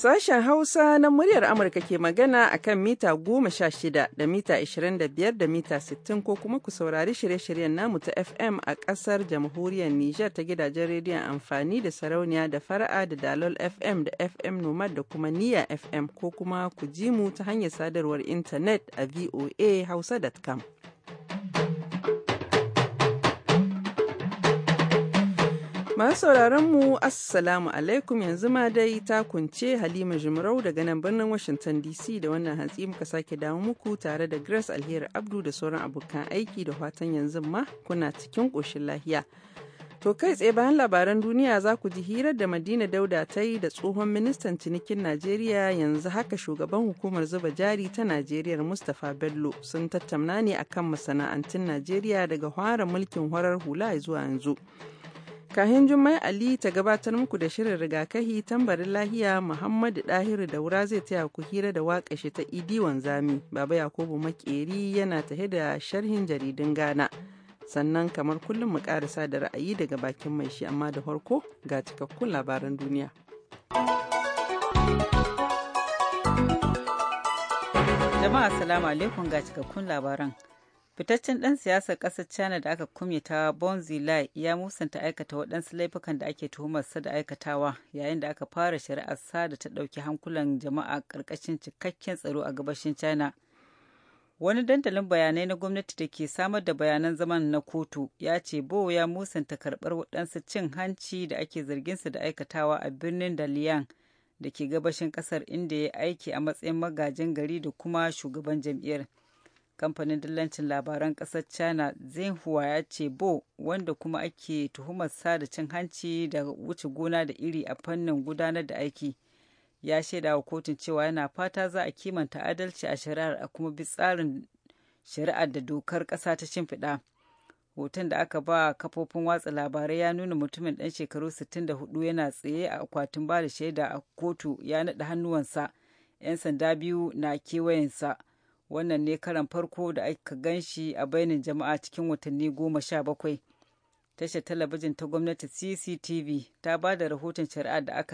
Sashen Hausa na muryar Amurka ke magana a kan mita goma sha shida da mita 25 da mita sittin ko kuma ku saurari shirye-shiryen namu ta FM a ƙasar jamhuriyar Nijar ta gidajen rediyon amfani da sarauniya da fara'a da dalol FM da FM Nomad da kuma niya FM ko kuma ku ji mu ta hanyar sadarwar intanet a voa hausa.com. Masu sauraron mu Assalamu alaikum yanzu ma dai ta kunce Halima Jumrau daga nan birnin Washington DC da wannan hantsi muka sake dawo muku tare da Grace Alheri Abdu da sauran abokan aiki da fatan yanzu ma kuna cikin ƙoshin lahiya. To kai tsaye bayan labaran duniya za ku ji hirar da Madina Dauda ta yi da tsohon ministan cinikin Najeriya yanzu haka shugaban hukumar zuba jari ta Najeriya Mustapha Bello sun tattauna ne akan masana'antun Najeriya daga fara mulkin horar hula zuwa yanzu. Kahin Jummai Ali ta gabatar muku da shirin rigakahi tambarin lahiya Muhammadu Dahiru da wura zai taya ku hira da waƙa shi ta idi wanzami Baba Yakubu Makeri yana tahe da sharhin jaridun Ghana. Sannan kamar kullum mu karasa da ra'ayi daga bakin mai shi amma da farko ga cikakkun labaran duniya. Jama'a salamu alaikum ga cikakkun labaran. fitaccen ɗan siyasar ƙasar china da aka kumyata bonzi lai ya musanta aikata waɗansu laifukan da ake tuhumarsa da aikatawa yayin da aka fara shari'ar sa da ta ɗauki hankulan jama'a ƙarƙashin cikakken tsaro a gabashin china wani dandalin bayanai na gwamnati da ke samar da bayanan zaman na kotu ya ce bo ya musanta karɓar waɗansu cin hanci da ake zarginsa da aikatawa a birnin dalian da ke gabashin ƙasar inda ya aiki a matsayin magajin gari da kuma shugaban jam'iyyar kamfanin dillancin labaran ƙasar china xinhua ya ce bo wanda kuma ake tuhumar sa da cin hanci da wuce gona da iri a fannin gudanar da aiki ya shaida wa kotun cewa yana fata za a kimanta adalci a shari'ar a kuma bi tsarin shari'ar da dokar ƙasa ta shimfiɗa hoton da aka ba kafofin watsa labarai ya nuna mutumin ɗan shekaru 64 yana tsaye a akwatin ba da shaida a kotu ya naɗa hannuwansa 'yan sanda biyu na kewayensa wannan ne karan farko da aka gan shi a bainin jama'a cikin watanni goma sha bakwai tashar talabijin ta gwamnati cctv ta ba da rahoton shari'a da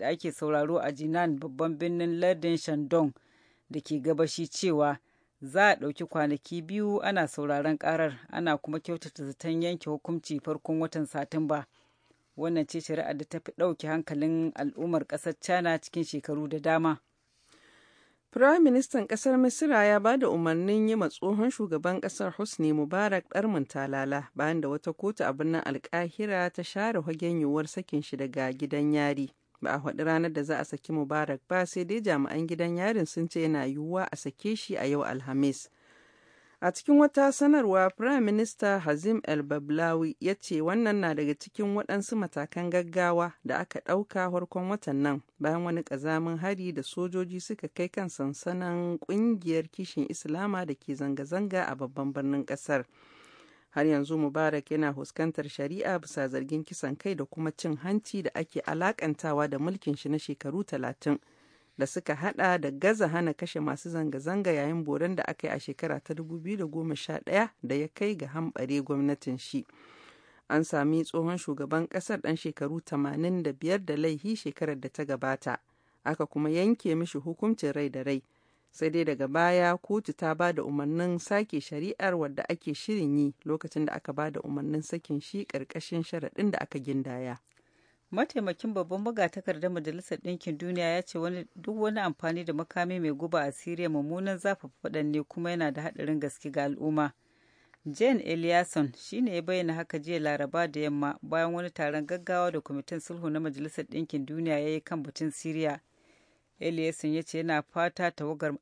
ake sauraro a jinan babban birnin lardin shandong da ke gabashi cewa za a ɗauki kwanaki biyu ana sauraron ƙarar, ana kuma kyautata zaton yanke hukunci farkon watan satumba wannan ce shari'ar da ta fi ɗauki hankalin al'ummar ƙasar china cikin shekaru da dama Firaministan ƙasar Misira ya ba da umarnin yi tsohon shugaban ƙasar husni Mubarak ɗarmin talala bayan da wata kotu a birnin alkahira ta share hagen yiwuwar sakin shi daga gidan yari. Ba a haɗu ranar da za a saki Mubarak ba sai dai jami'an gidan yarin sun ce yana yiwuwa a sake shi a yau Alhamis. A cikin wata sanarwa, Firayim Minista Hazim El-Bablawi ya ce wannan na daga cikin waɗansu matakan gaggawa da aka ɗauka farkon watan nan bayan wani ƙazamin hari da sojoji suka kai kan sansanan ƙungiyar kishin Islama da ke zanga-zanga a babban birnin ƙasar. Har yanzu Mubarak yana fuskantar shari'a bisa zargin kisan kai da kuma cin hanci da ake alakantawa da mulkin shi na shekaru talatin. da suka hada da gaza hana kashe masu zanga-zanga yayin boron da aka yi a shekara ta 2011 da ya kai ga hambare gwamnatin shi. An sami tsohon shugaban kasar ɗan shekaru 85 da laihi shekarar da ta gabata, aka kuma yanke mishi hukuncin rai da rai. Sai dai daga baya kotu ta ba da umarnin sake shari'ar wadda ake shirin yi lokacin da aka ba da umarnin sakin shi ƙarƙashin sharaɗin da aka gindaya. mataimakin babban magatakardar majalisar ɗinkin duniya ya ce duk wani amfani da makami mai guba a siriya mummunan faɗan ne kuma yana da haɗarin gaske ga al'umma jane eliasson ne ya bayyana haka jiya laraba da yamma bayan wani taron gaggawa da kwamitin sulhu na majalisar ɗinkin duniya ya yi kan batun siriya eliasson ya ce yana fata tawagar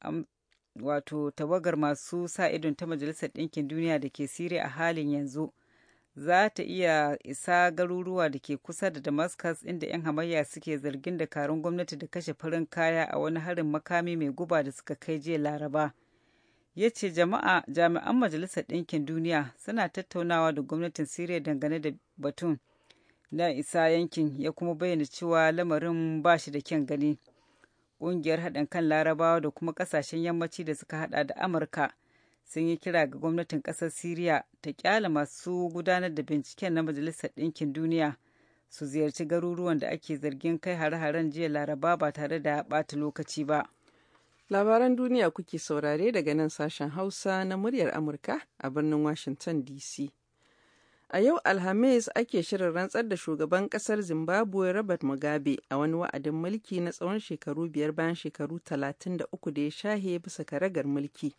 wato tawagar masu sa idon ta majalisar ɗinkin duniya da ke siriya a halin yanzu za ta iya isa garuruwa da ke kusa da damascus inda 'yan hamayya suke zargin dakarun gwamnati da kashe farin kaya a wani harin makami mai guba da suka kai jiya laraba ya ce jama'a jami'an majalisar ɗinkin duniya suna tattaunawa da gwamnatin siriya dangane da batun na isa yankin ya kuma bayyana cewa lamarin ba shi da kyan gani ƙungiyar haɗin kan larabawa da kuma ƙasashen yammaci da suka haɗa da amurka sun yi kira ga gwamnatin ƙasar Siriya ta kyala masu gudanar da binciken na Majalisar Ɗinkin Duniya su ziyarci garuruwan da ake zargin kai hare-haren jiya Laraba ba tare da ɓata lokaci ba. Labaran duniya kuke saurare daga nan sashen Hausa na muryar Amurka a birnin Washington DC. A yau Alhamis ake shirin rantsar da shugaban kasar Zimbabwe Robert Mugabe a wani wa'adin mulki na tsawon shekaru biyar bayan shekaru uku da ya shahe bisa karagar mulki.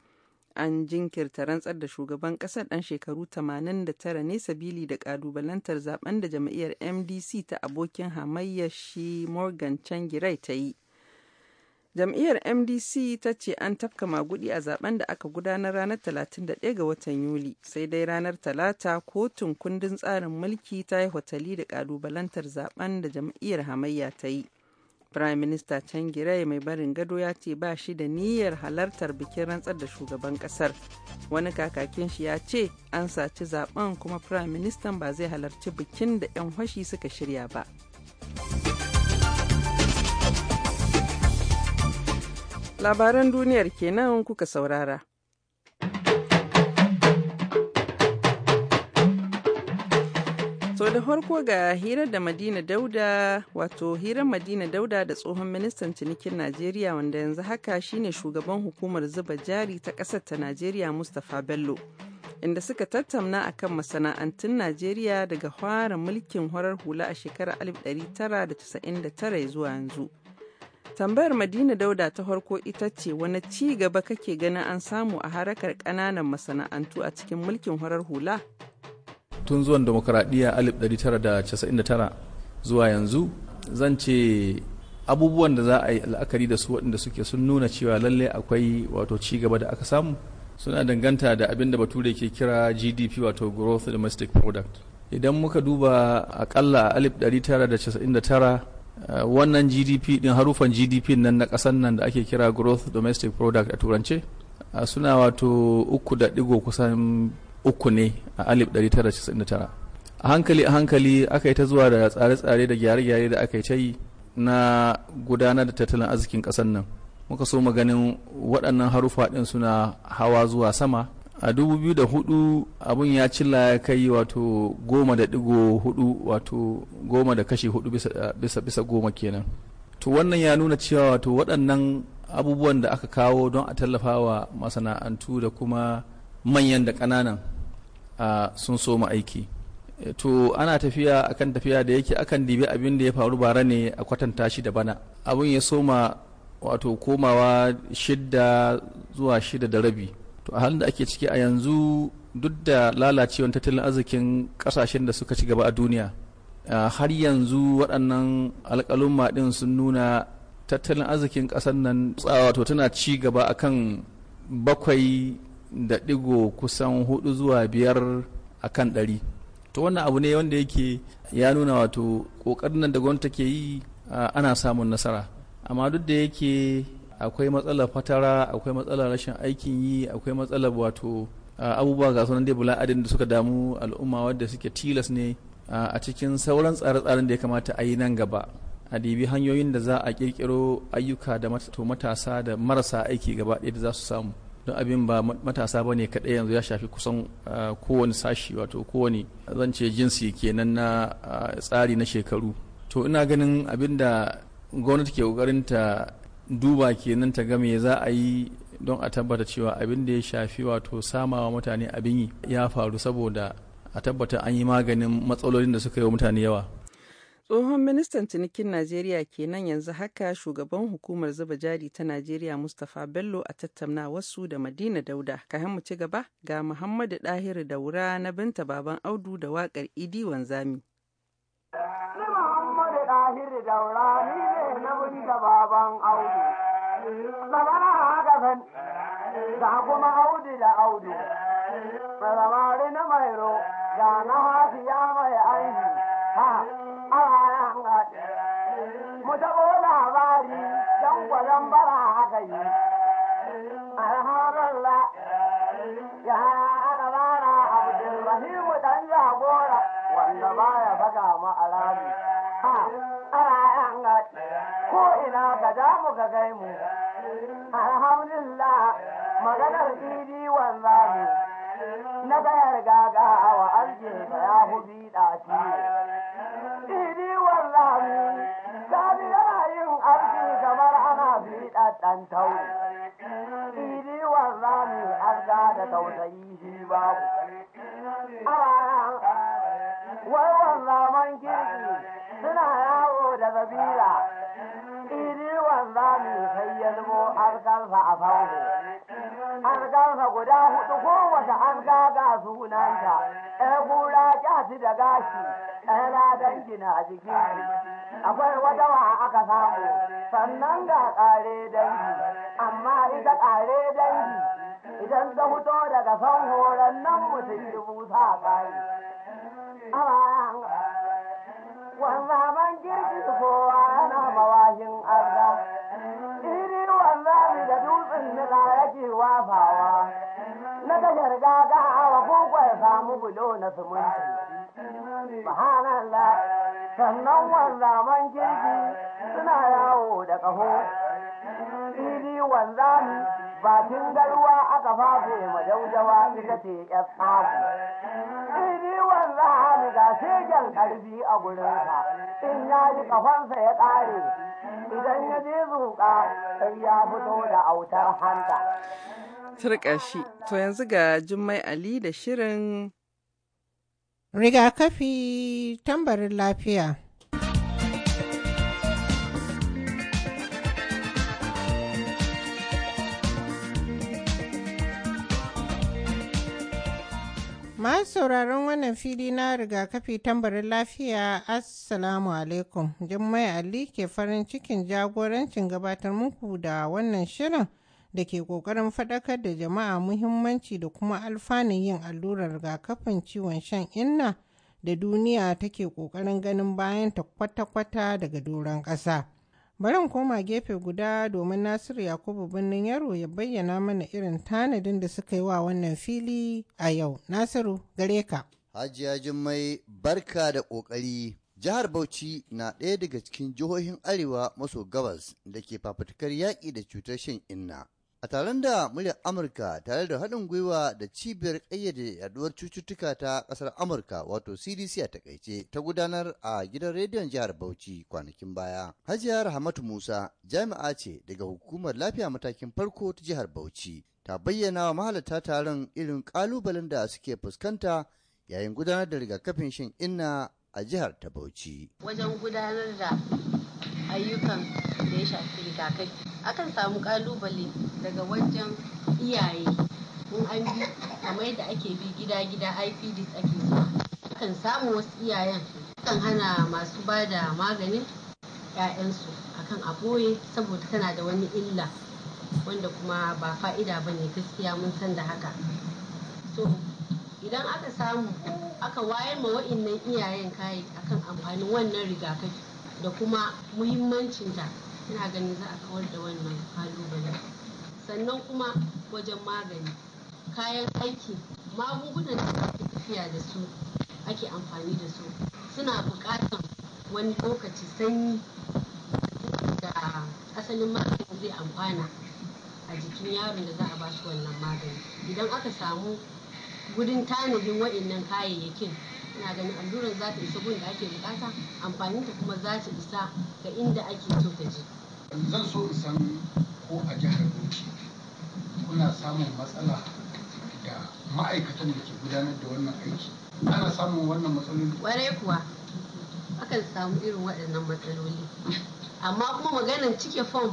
an jinkirta rantsar da shugaban kasar dan shekaru 89 ne sabili da kalubalantar zaben da jam'iyyar mdc ta abokin hamayya shi morgan changirai ta yi jam'iyyar mdc ta ce an tafka magudi a zaben da aka gudanar ranar 31 ga watan yuli sai dai ranar talata kotun kundin tsarin mulki ta yi hotali da kalubalantar zaben da jam'iyyar hamayya ta yi Prime Minister Changirai mai barin gado ya ce ba shi da niyyar halartar bikin rantsar da shugaban kasar. Wani kakakin shi ya ce an saci zaben kuma Prime Minister ba zai halarci bikin da 'yan hashi suka shirya ba. Labaran duniyar kenan kuka saurara. To da farko ga hirar da Madina Dauda wato hirar Madina Dauda da tsohon ministan cinikin Najeriya wanda yanzu haka shine shugaban hukumar zuba jari ta ƙasar ta Najeriya Mustapha Bello. Inda suka tattauna akan masana'antun Najeriya daga fara mulkin horar hula a shekarar 1999 zuwa yanzu. Tambayar Madina Dauda ta farko ita ce wani ci gaba kake ganin an samu a harakar ƙananan masana'antu a cikin mulkin horar hula? tun zuwan demokuraɗiyya 1999 zuwa yanzu zan ce abubuwan da za a yi al'akari da su waɗanda suke sun nuna cewa lallai akwai wato cigaba da aka samu suna danganta da abin da bature ke kira gdp wato growth domestic product idan muka duba akalla a 1999 wannan gdp din harufan gdp nan na ƙasan nan da ake kira growth domestic product a turance eh, suna wato uku da digo kusan uku ne a 1999 a hankali a hankali aka yi ta zuwa da tsare-tsare da gyare-gyare da aka yi ta yi na gudanar da tattalin arzikin ƙasar nan muka so ganin waɗannan haruffa ɗin suna hawa zuwa sama a 2004 abun ya cilla ya kai wato goma da digo hudu wato goma da kashi hudu bisa, bisa goma kenan to wannan ya nuna cewa wato waɗannan abubuwan da aka kawo don a tallafawa masana'antu da kuma manyan da ƙananan sun soma aiki to ana tafiya akan tafiya da yake akan dibi abin da ya faru bara ne a kwatanta shi da bana abin ya soma wato komawa shidda zuwa shida da rabi to a halin da ake ciki a yanzu duk da lalacewar tattalin arzikin kasashen da suka ci gaba a duniya har yanzu waɗannan alƙalun maɗin sun nuna tattalin arzikin ƙasar nan to tana ci gaba akan bakwai da ɗigo kusan hudu zuwa biyar a kan ɗari to wannan abu ne wanda yake ya nuna wato ƙoƙarin nan da gwamnati ke yi ana samun nasara amma duk da yake akwai matsalar fatara akwai matsalar rashin aikin yi akwai matsalar wato abubuwa ga sunan dai bula'adin da suka damu al'umma wadda suke tilas ne a cikin sauran tsare-tsaren da ya kamata a yi nan gaba a dibi hanyoyin da za a kirkiro ayyuka da matasa da marasa aiki gaba ɗaya da za su samu don abin ba matasa ba ne kaɗai yanzu ya shafi kusan ah, kowane sashi wato kowane zance jinsi kenan na ah, tsari na shekaru to ina ganin abin da gwamnati ke ƙoƙarin ta duba kenan ta game za a yi don a tabbata cewa abin da ya shafi wato samawa mutane abin yi ya faru saboda a tabbata an yi maganin matsalolin da suka yi wa mutane yawa Tsohon ministan cinikin Najeriya kenan yanzu haka shugaban hukumar zuba jari ta Najeriya Mustapha Bello a tattauna wasu da Madina Dauda. Kahin mu ci gaba ga Muhammadu Dahiru Daura na binta baban Audu da waƙar Idi Wanzami. Ni Muhammadu da Mai na Ha, mu labari don kwaron bara yi alhamdulillah dan jagora wanda baya faga mu ha ga ko ina mu alhamdulillah maganar idi wanzami na gayar gaga wa arjinsa ya hubi ɗaci Idi wallahi, sani yana yin arziki kamar ana fiɗa ɗan tauri. Idi wallahi, an da tausayi shi babu. Wai wannan man kirki suna yawo da zabila. Idi wallahi sai ya zubo alkalsa a fango. Alkalsa guda hudu kowace an ga sunanta, ‘yan kura ba shi da gashi ɗana dangina a jiki akwai wata wa aka samu sannan ga ƙare dangi amma ita ƙare dangi idan ta fito daga son horon nan mutum dubu sa ƙari wanda man girki kowa yana mawashin arda iri wanda mi da dutsen nika yake wafawa na tashar gaga wa kokwai samu bulo na sumunci subhanallah sannan wanzaman kirki suna yawo da ƙaho fili wanzami bakin garwa aka fafe majaujawa ita ce ƴar tsamu fili wanzami ga shegen ƙarfi a gurinsa in ya ji ƙafansa ya ƙare idan ya je zuƙa sai ya fito da autar hanta. Turƙa shi, to yanzu ga Jummai Ali da shirin rigakafi tambarin lafiya masu sauraron wannan fili na rigakafi tambarin lafiya assalamu alaikum jummai ali ke farin cikin jagorancin gabatar muku da wannan shirin da ke ƙoƙarin faɗakar da jama'a muhimmanci da kuma alfanun yin allurar rigakafin ciwon shan inna da duniya take ƙoƙarin ganin bayan ta kwata-kwata daga doron ƙasa. Barin koma gefe guda domin Nasiru Yakubu birnin Yaro ya bayyana mana irin tanadin da suka yi wa wannan fili a yau. Nasiru, gare ka. Hajiya Jummai barka da ƙoƙari. Jihar Bauchi na ɗaya daga cikin jihohin Arewa maso gabas da ke fafutukar yaƙi da cutar shan inna. A taron da muryar Amurka tare da haɗin gwiwa da cibiyar ƙayyade yaduwar cututtuka ta ƙasar Amurka wato CDC a takaice ta gudanar a gidan rediyon jihar Bauchi kwanakin baya. Hajiya Rahmatu Musa jami'a ce daga hukumar lafiya matakin farko ta jihar Bauchi ta bayyana wa mahalarta taron irin ƙalubalen da suke fuskanta yayin gudanar da rigakafin shin inna a jihar ta Bauchi. Wajen gudanar da ayyukan da ya shafi rigakafi akan samu ƙalubale daga wajen iyaye in an bi kamar yadda ake bi gida-gida ipds ake zuwa akan samu wasu iyayen kan hana masu ba da maganin 'ya'yansu akan aboye saboda tana da wani illa wanda kuma ba fa'ida ba ne gaskiya mun san da haka so idan aka samu aka wayar ma wa'innan iyayen kayi akan amfanin wannan rigakafi da kuma muhimmancinta ina ganin za a kawar da wannan kalubale sannan kuma wajen magani kayan aiki magungunan da ake tafiya da su ake amfani da su suna buƙatar wani lokaci sanyi da asalin magani zai amfana a jikin yaron da za a ba shi wannan magani idan aka samu gudun tanadin waɗannan kayayyakin ina ganin allurar za ta isa gun da ake bukata amfanin ta kuma za ta isa ga inda ake so ta je zan so in san ko a jihar bauchi kuna samun matsala da ma'aikatan da ke gudanar da wannan aiki ana samun wannan matsaloli kwarai kuwa akan samu irin waɗannan matsaloli amma kuma maganin cike fom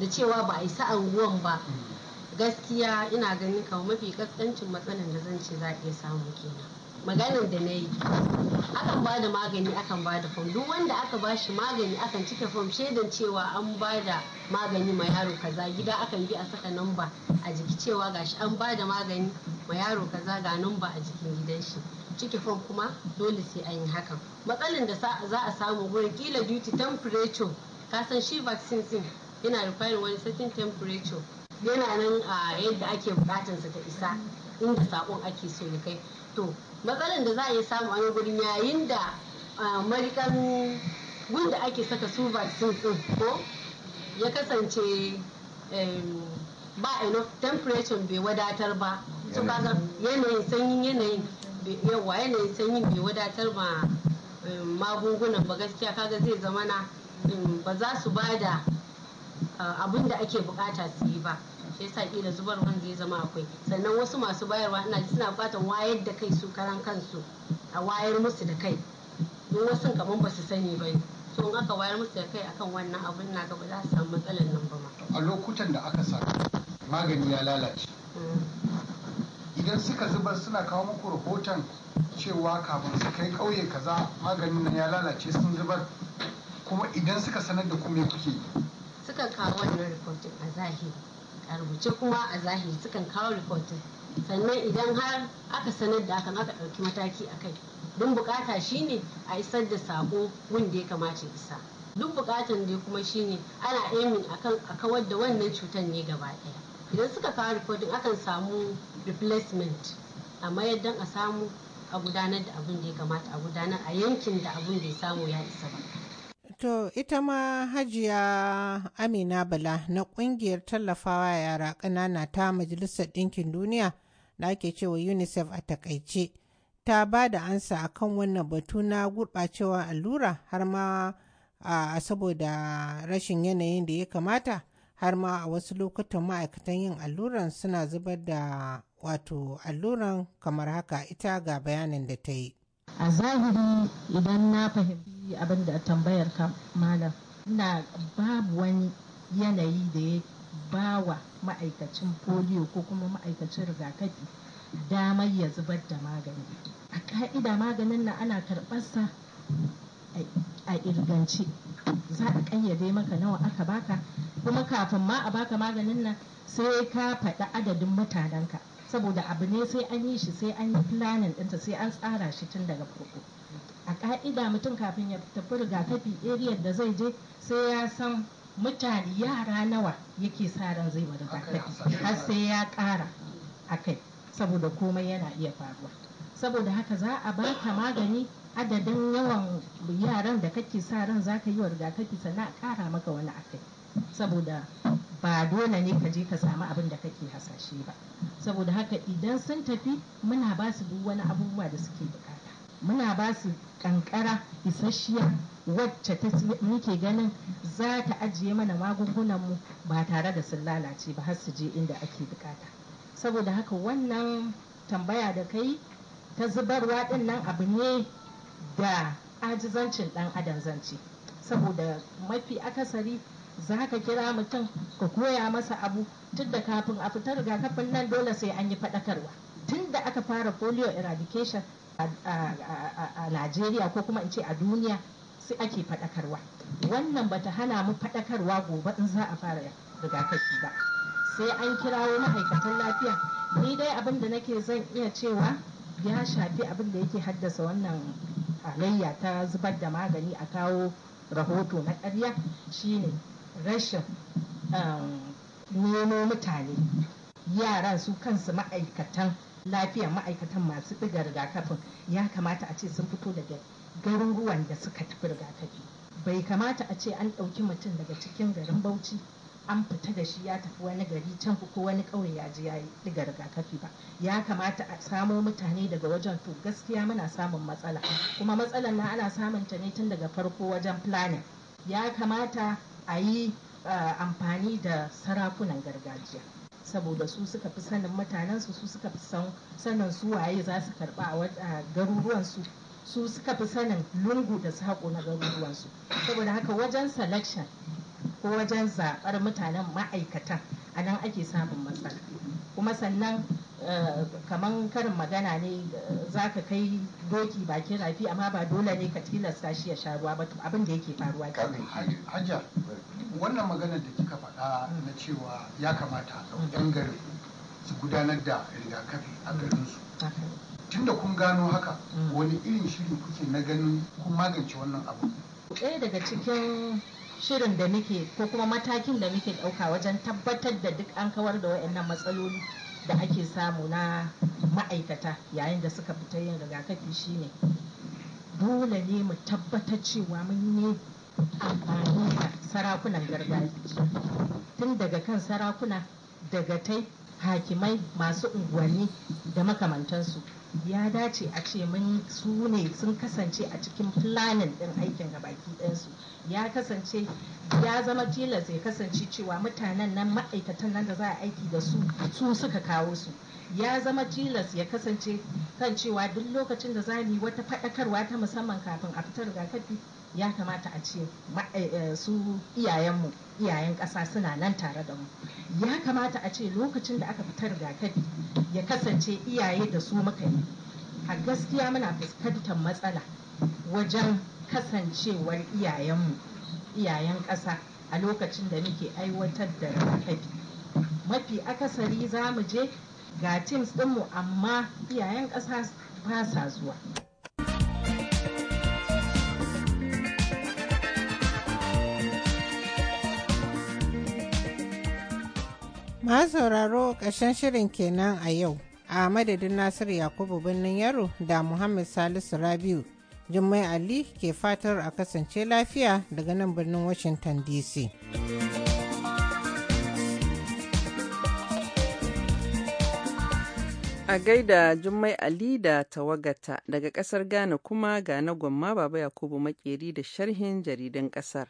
da cewa ba a isa anguwan ba mm. gaskiya ina ganin kawo mafi kaskancin matsalin da zan ce za a iya samu kenan maganar da na yi akan ba da magani akan ba da fom duk wanda aka ba shi magani akan cike fom shaidan cewa an ba da magani ma yaro kaza gida akan bi a saka namba a jiki cewa gashi an ba da magani ma yaro kaza ga namba a jikin gidan shi cike fom kuma dole sai an yi hakan matsalin da za a samu wurin kila duty temperature kasan shi vaccine din yana requiring wani certain temperature yana nan a ah, yadda ake bukatansa ta isa in da sakon ake so ya kai to matsalar da za a iya samu a gurin yayin da marikan gunda ake saka su vaccine din ko ya kasance ba enough temperature bai wadatar ba su kaga yanayin sanyin yanayin yawa yanayin sanyin bai wadatar ma magungunan ba gaskiya kaga zai zama na ba za su ba da abin da ake bukata su yi ba shi yasa kila zubarwan zai zama akwai sannan wasu masu bayarwa ina suna fatan wayar da kai su karan kansu a wayar musu da kai don wasu kaman ba su sani ba so in aka wayar musu da kai akan wannan abun na gaba za su samu matsalar nan ba ma a lokutan da aka saka magani ya lalace hmm. idan suka zubar suna kawo muku rahoton cewa kafin su kai kauye kaza maganin nan ya lalace sun zubar kuma idan suka sanar da kuma kuke suka kawo wannan rikotin a zahiri a rubuce kuma a zahiri sukan kawo rikotin sannan idan har aka sanar da hakan aka ɗauki mataki a kai don bukata shine a isar da sako wanda ya kamata isa duk bukatan da kuma shine ana aimin akan a kawar da wannan cutar ne gaba ɗaya idan suka kawo rikodin akan samu replacement amma yadda a samu a gudanar da abin da ya kamata a gudanar a yankin da abin da ya samu ya isa ba To ita ma hajiya Amina Bala na kungiyar tallafawa yara ƙanana ta Majalisar Ɗinkin Duniya da ake cewa UNICEF a takaice ta ba da ansa kan wannan batu na gurɓacewar allura har ma a saboda rashin yanayin da ya kamata har ma a wasu lokutan ma'aikatan yin alluran suna zubar da wato alluran kamar haka ita ga bayanin da ta yi. a zahiri idan na fahimci abin da tambayar ka malam ina babu wani yanayi da ya bawa ma'aikacin polio ko kuma ma'aikacin rigakafi damar ya zubar da magani a ka'ida maganin na ana karɓarsa a irgance za a ƙayyade maka nawa aka baka kuma kafin ma a baka maganin nan sai ka faɗi adadin mutanenka saboda abu ne sai an yi shi sai an yi planning ɗinta sai an tsara shi tun daga farko a ka'ida mutum kafin ya tafi rigakafi area da zai je sai ya san mutane yara nawa yake sa ran zai rigakafi har sai ya ƙara a kai saboda komai yana iya faruwa saboda haka za a ka magani adadin yawan yaran da kake sa ran za ka yi wa rigakafi sannan a ƙara maka wani akai saboda ba dole ne ka je ka samu abin da kake hasashe ba saboda haka idan sun tafi muna ba su duk wani abubuwa da suke bukata muna ba su kankara isasshiya wacce ta muke ganin za ta ajiye mana magungunan mu ba tare da sun lalace ba har su je inda ake bukata saboda haka wannan tambaya da kai ta zubarwa din nan abu ne da ajizancin dan adam zance saboda mafi akasari za ka kira mutum ka koya masa abu tun da kafin a fita rigakafin nan dole sai an yi faɗakarwa tun da aka fara polio eradication a Najeriya ko kuma in ce a duniya sai ake faɗakarwa wannan bata hana mu faɗakarwa gobe in za a fara rigakafi ba sai an kirawo ma'aikatan lafiya ni dai abin da nake zan iya cewa ya shafi abin da yake haddasa wannan halayya ta zubar da magani a kawo rahoto na ƙarya shine rashin um, nemo mutane yaran su kansu ma'aikatan lafiya ma'aikatan masu ɗiga rigakafin ya kamata a ce sun fito daga garuruwan da suka tafi rigakafi bai kamata a ce an ɗauki mutum daga cikin garin bauchi an fita da shi ya tafi wani gari can ko wani ƙauye ya ji ya yi ɗiga rigakafi ba ya kamata a samo mutane daga wajen to gaskiya muna samun matsala kuma matsalan na ana samun ta ne tun daga farko wajen planning ya kamata a yi amfani da sarakunan gargajiya saboda su suka fi sanin mutanensu su suka fi sanin su waye za su karba a garuruwansu su suka fi sanin lungu da saƙo na garuruwansu saboda haka wajen selection ko wajen zaɓar mutanen ma'aikatan a nan ake samun matsala kuma sannan Eh, kaman karin magana ne eh, za ka kai doki bakin rafi amma ba dole ne ka tilasta shi ya sha ruwa ba abin da yake faruwa kenan hajja wannan maganar da kika faɗa na cewa ya kamata Ɗan garin su gudanar da rigakafi a garinsu tunda kun gano haka mm. wani irin shiri kuke na ganin kun magance wannan abu ɗaya daga cikin shirin da muke ko kuma matakin da muke ɗauka wajen tabbatar da duk an kawar da waɗannan matsaloli da ake samu na ma'aikata yayin da suka fita yin rigakafi shine dole ne mu tabbatar cewa mun yi amfani da sarakunan gargajiya tun daga kan sarakuna daga tai hakimai masu unguwanni da makamantansu ya dace a ce mun su ne sun kasance a cikin planning din aikin gabaki ɗansu ya kasance ya zama tilas ya kasance cewa mutanen nan ma'aikatan nan da za a aiki da su su suka kawo su ya zama tilas ya kasance kan cewa duk lokacin da za yi wata faɗakarwa ta musamman kafin a fitar rigakafi ya kamata a ce eh, eh, su iyayenmu iyayen ƙasa suna nan tare da mu ya kamata a ce lokacin da aka fitar rigakafi ya kasance iyaye da su muka yi a gaskiya muna fuskantar matsala wajen kasancewar iyayenmu iyayen ƙasa a lokacin da muke aiwatar da rigakafi mafi akasari za mu je ga teams ɗinmu amma iyayen ƙasa ba sa zuwa Ma sauraro ƙarshen shirin kenan a yau. A madadin Nasiru Yakubu birnin Yaro da Muhammad Salisu Rabiu, Jummai Ali ke fatar a kasance lafiya daga nan birnin Washington DC. A gaida Jummai Ali da tawagata daga ƙasar Ghana kuma ga na gwamma Baba Yakubu Makeri da sharhin jaridan ƙasar.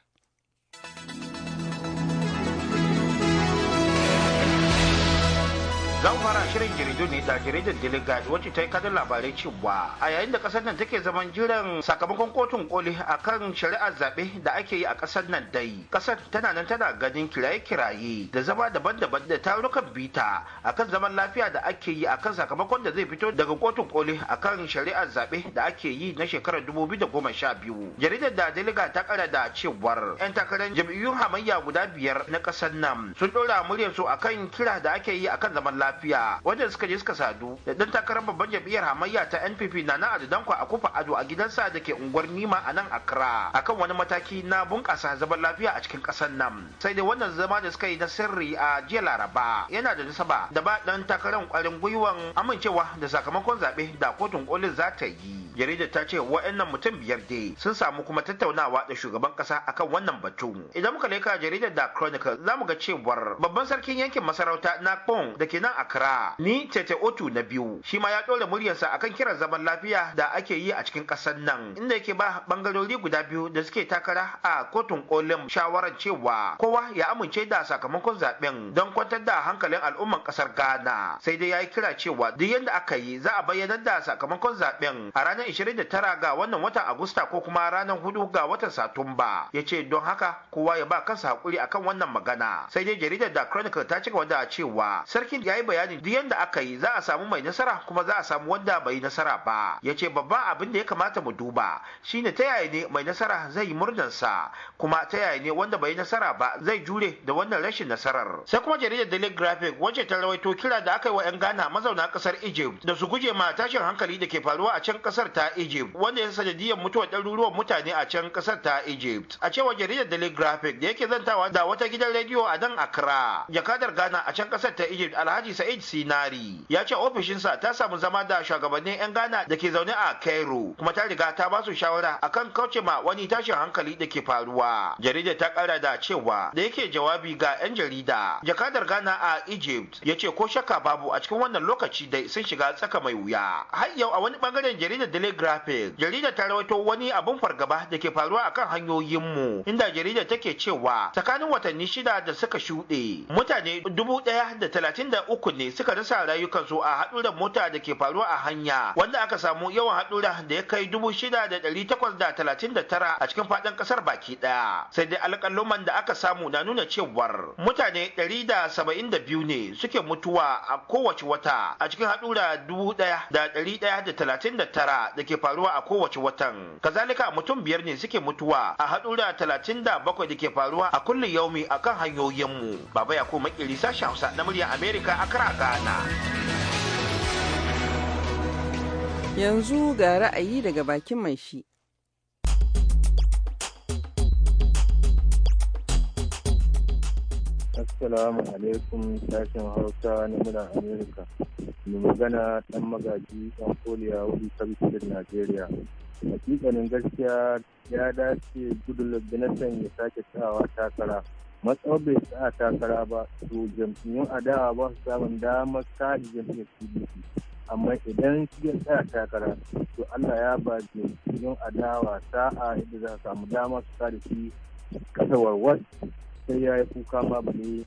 Zan fara shirin jaridu ne da jaridar daily wacce ta yi kadin labarai cewa a yayin da kasar nan take zaman jiran sakamakon kotun koli a kan shari'ar zaɓe da ake yi a kasar nan dai kasar tana nan tana ganin kiraye-kiraye da zama daban-daban da tarukan bita a kan zaman lafiya da ake yi a kan sakamakon da zai fito daga kotun koli kan shari'ar zaɓe da ake yi na shekarar biyu. jaridar da daily ta kara da cewar 'yan takarar jam'iyyun hamayya guda biyar na kasar nan sun ɗora muryarsu akan kira da ake yi akan zaman lafiya lafiya wanda suka je suka sadu da dan takarar babban jam'iyyar hamayya ta NPP na Ado a Akufa Ado a sa da ke unguwar Nima a nan Accra akan wani mataki na bunƙasa zaman lafiya a cikin ƙasar nan sai dai wannan zama da suka yi na sirri a jiya Laraba yana da nasaba da ba dan takarar ƙwarin gwiwan amincewa da sakamakon zaɓe da kotun kolin za ta yi jaridar ta ce wa'annan mutum biyar dai sun samu kuma tattaunawa da shugaban ƙasa akan wannan batu idan muka leka jaridar da chronicle zamu ga cewar babban sarkin yankin masarauta na Kong da ke nan Accra ni Tete Otu na biyu shi ma ya dora muryarsa akan kiran zaman lafiya da ake yi a cikin ƙasar nan inda yake ba bangarori guda biyu da suke takara a kotun kolin shawarar cewa kowa ya amince da sakamakon zaben don kwantar da hankalin al'ummar ƙasar Ghana sai dai ya yi kira cewa duk yadda aka yi za a bayyanar da sakamakon zaben a ranar 29 ga wannan watan Agusta ko kuma ranar 4 ga watan Satumba ya ce don haka kowa ya ba kansa hakuri akan wannan magana sai dai jaridar da Chronicle ta cika da cewa sarkin yayi bayani duk yadda aka yi za a samu mai nasara kuma za a samu wanda bai nasara ba ya ce babban abin da ya kamata mu duba shine ta yaya ne mai nasara zai yi sa kuma ta yaya ne wanda bai nasara ba zai jure da wannan rashin nasarar sai kuma jaridar daily graphic wacce ta rawaito kira da aka yi wa 'yan ghana mazauna kasar egypt da su guje ma tashin hankali da ke faruwa a can kasar ta egypt wanda ya sanadiyar mutuwar ɗaruruwan mutane a can kasar ta egypt a cewa jaridar daily graphic da yake zantawa da wata gidan rediyo a nan accra jakadar ghana a can kasar ta egypt alhaji Said Sinari ya ce ofishinsa ta samu zama da shugabannin 'yan Ghana da ke zaune a Cairo kuma ta riga ta ba su shawara akan kauce ma wani tashin hankali da ke faruwa. Jarida ta kara da cewa da yake jawabi ga 'yan jarida jakadar Ghana a Egypt ya ce ko shakka babu a cikin wannan lokaci dai sun shiga tsaka mai wuya. Har yau a wani bangaren jaridar Daily Graphic jaridar ta rawaito wani abun fargaba da ke faruwa akan hanyoyinmu inda jaridar take cewa tsakanin watanni shida da suka shuɗe mutane dubu ɗaya da talatin da uku uku ne suka rasa rayukansu a haɗuran mota da ke faruwa a hanya wanda aka samu yawan haɗura da ya kai dubu shida da ɗari takwas da talatin da tara a cikin faɗin ƙasar baki ɗaya sai dai alƙaluman da aka samu na nuna cewar mutane ɗari da saba'in da biyu ne suke mutuwa a kowace wata a cikin haɗura dubu ɗaya da ɗari ɗaya da talatin da tara da ke faruwa a kowace watan kazalika mutum biyar ne suke mutuwa a haɗura talatin da bakwai da ke faruwa a kullum yaumi akan hanyoyinmu baba ya ko makiri sashen hausa na murya amerika akan Yanzu ga ra'ayi daga bakin mai shi. Assalamu alaikum sashen Hausa na muna Amerika. Mai magana ɗan magaji ɗan koliya wani sarkin Najeriya. Hakikanin gaskiya ya dace gudun Jonathan ya sake tsawa takara. matsawar bai tsaya takara ba to jam'iyyun adawa ba su samun damar kare jam'iyyar pdp amma idan ya tsaya takara to allah ya ba jam'iyyun adawa sa'a yadda za a samu damar su kare shi kasawar wasu sai ya yi kuka ma ne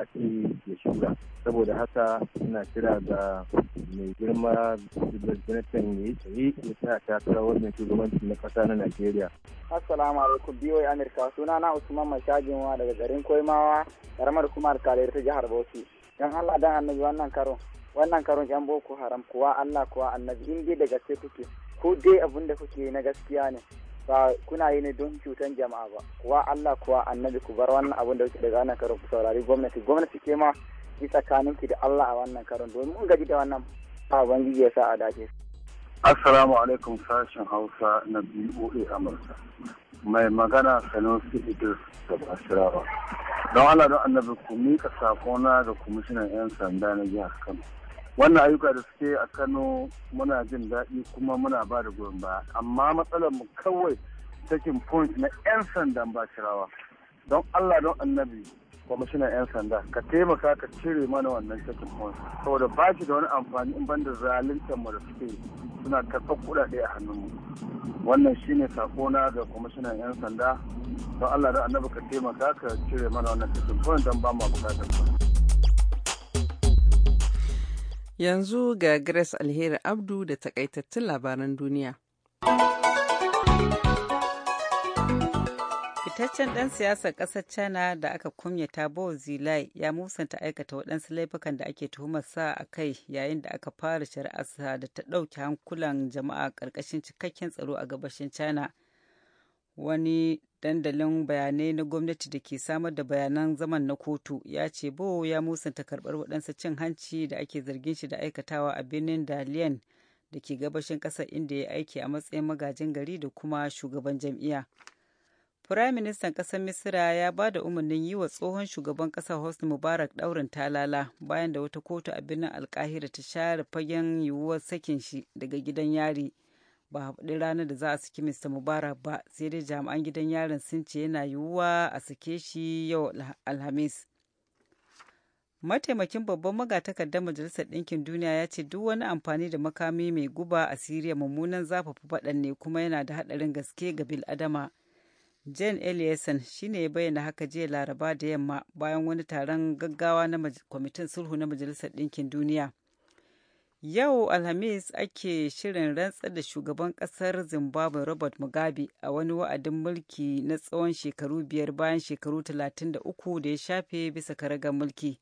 a cikin ya shura saboda haka ina kira ga mai girma da ne ya yi ya sa kira wannan shugabanci na kasa na najeriya assalamu alaikum biyoyi amurka suna na usman wa daga garin koimawa karamar kuma alkali ta jihar bauchi don allah don annabi wannan karon wannan karon yan boko haram kuwa allah kuwa annabi in dai da gaske kuke ko dai abin da kuke na gaskiya ne ba kuna yi ne don cutar jama'a ba kuwa Allah kuwa annabi ku bar wannan abin da kuke daga wannan karon ku saurari gwamnati gwamnati ke ma yi tsakaninki da Allah a wannan karon domin mun gaji da wannan ba ubangiji ya sa a dace Assalamu alaikum sashen Hausa na BOA Amurka. Mai magana Sanusi Idris da Basirawa. Don Allah don annabi ku mika sakona ga kwamishinan 'yan sanda na jihar Kano. wannan ayyuka da suke a kano muna jin daɗi kuma muna ba da goyon baya amma matsalar mu kawai takin point na 'yan sandan shirawa don allah don annabi kwamishinan 'yan sanda ka taimaka ka cire mana wannan takin point saboda ba shi da wani amfani in banda zaluntar mu da suke suna karɓar kuɗaɗe a mu wannan shine sakona ga kwamishinan 'yan sanda don allah don annabi ka taimaka ka cire mana wannan takin point don ba mu bukatar Yanzu ga Grace Alheri Abdu da takaitattun labaran duniya. Fitaccen ɗan siyasar ƙasar China da aka kumyata Bo Zilai ya musanta aikata waɗansu laifukan da ake tuhumar sa a kai yayin da aka fara shari'arsa da ta ɗauki hankulan jama'a ƙarƙashin cikakken tsaro a gabashin China. Wani dandalin bayanai na gwamnati da ke samar da bayanan zaman na kotu ya ce bo ya musanta karbar waɗansa cin hanci da ake zargin shi da aikatawa a birnin dalian da ke gabashin ƙasar inda ya aiki a matsayin magajin gari da kuma shugaban jam'iyya firayim ministan ƙasar misira ya ba da umarnin yi wa tsohon shugaban ƙasar hosni mubarak ɗaurin talala bayan da wata kotu a birnin alkahira ta share fagen yiwuwar sakin shi daga gidan yari ba haɗi ranar da za a saki Mr. Mubarak ba sai dai jami'an gidan yarin sun ce yana yiwuwa a sake shi yau Alhamis. Mataimakin babban Magatakarda Majalisar Ɗinkin Duniya ya ce duk wani amfani da makami mai guba a Siriya mummunan zafafa faɗan ne kuma yana da haɗarin gaske ga bil'adama. Jen Eliasson shi ne ya bayyana haka jiya Laraba da yamma bayan wani taron gaggawa na kwamitin sulhu na Majalisar Ɗinkin Duniya. Yau Alhamis ake shirin rantsar da shugaban ƙasar Zimbabwe Robert Mugabe a wani wa'adin mulki na tsawon shekaru biyar bayan shekaru 33 da ya shafe bisa karagar mulki.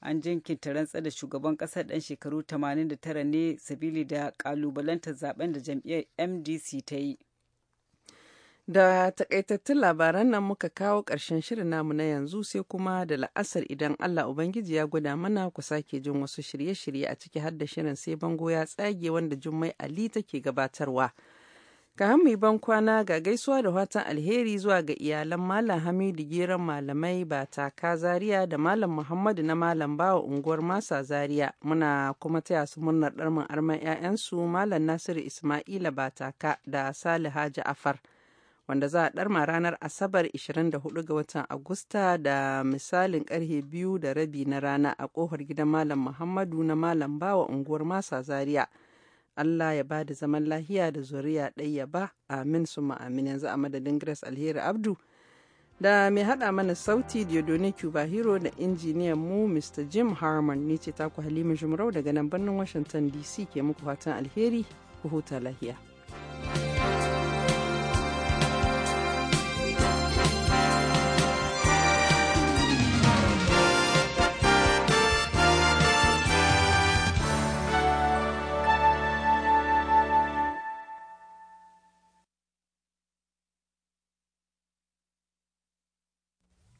An jinkinta rantsar da shugaban ƙasar ɗan shekaru 89 ne sabili da ƙalubalantar zaben da jam'iyyar MDC ta yi. Da takaitattun labaran nan muka kawo ƙarshen shirin namu na yanzu sai kuma da la'asar idan Allah Ubangiji ya gwada mana ku sake jin wasu shirye-shirye a ciki har da shirin sai bango ya tsage wanda Jummai Ali take gabatarwa. Ka mu ban kwana ga gaisuwa da fatan alheri zuwa ga iyalan Malam Hamidu Geran Malamai Bataka Zariya da Malam Muhammadu na Malam Bawa unguwar Masa Zariya Muna kuma taya su murnar ɗarmin arman 'ya'yansu Malam Nasiru Ismaila Bataka da Salihu Ja'afar. afar. wanda za a ɗarma ranar Asabar 24 ga watan Agusta da misalin ƙarfe biyu da rabi na rana a ƙofar gidan Malam Muhammadu na Malam Bawa unguwar Masa Zaria. Allah ya ba da zaman lahiya da zuriya ɗaya ba, amin su amin yanzu a madadin Grace Alheri Abdu. Da mai haɗa mana sauti Diodone Cuba Hero da injiniyan mu Mr. Jim Harmon ne ce taku Halima Jumrau daga nan birnin Washington DC ke muku fatan alheri, ku huta lahiya.